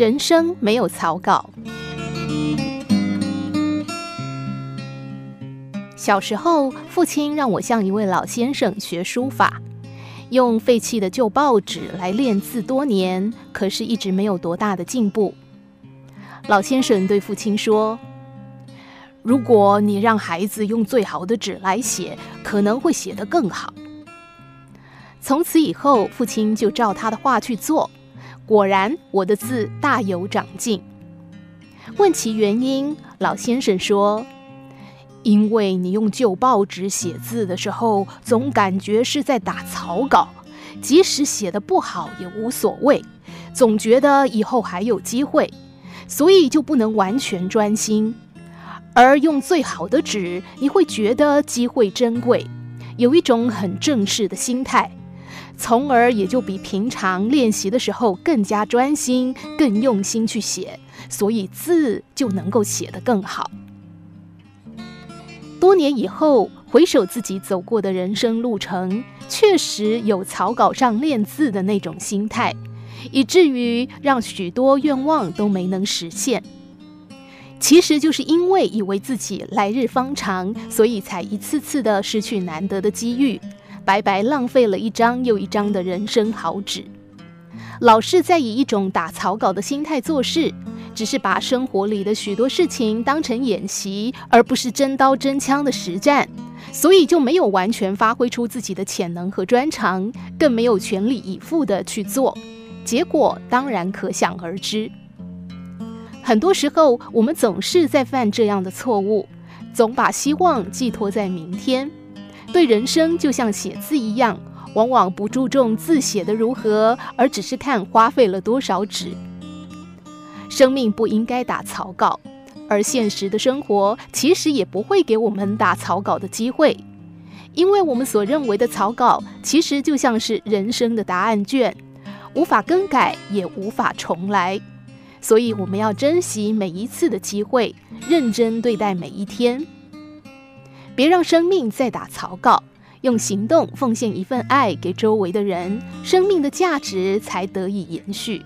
人生沒有草稿。小時候，父親讓我向一位老先生學書法，用廢棄的舊報紙來練字多年，可是一直沒有多大的進步。老先生對父親說：“如果你讓孩子用最好的紙來寫，可能會寫得更好。”從此以後，父親就照他的話去做。果然，我的字大有長進。問其原因，老先生說：“因為你用舊報紙寫字的時候，總感覺是在打草稿，即使寫得不好也無所謂，總覺得以後還有機會，所以就不能完全專心。而用最好的紙，你會覺得機會珍貴，有一種很正式的心態。”從而也就比平常練習的時候更加專心、更用心去寫，所以字就能夠寫得更好。多年以後回首自己走過的人生路程，確實有草稿上練字的那種心態，以至於讓許多願望都沒能實現。其實就是因為以為自己來日方長，所以才一次次的失去難得的機遇。白白浪費了一張又一張的人生好紙，老是在以一種打草稿的心態做事，只是把生活裡的許多事情當成演習，而不是真刀真槍的實戰，所以就沒有完全發揮出自己的潛能和專長，更沒有全力以赴的去做，結果當然可想而知。很多時候，我們總是在犯這樣的錯誤，總把希望寄托在明天。對，人生就像寫字一樣，往往不注重字寫的如何，而只是看花費了多少紙。生命不應該打草稿，而現實的生活其實也不會給我們打草稿的機會，因為我們所認為的草稿，其實就像是人生的答案卷，無法更改，也無法重來。所以我們要珍惜每一次的機會，認真對待每一天。別讓生命再打草稿，用行動奉獻一份愛給周圍的人，生命的價值才得以延續。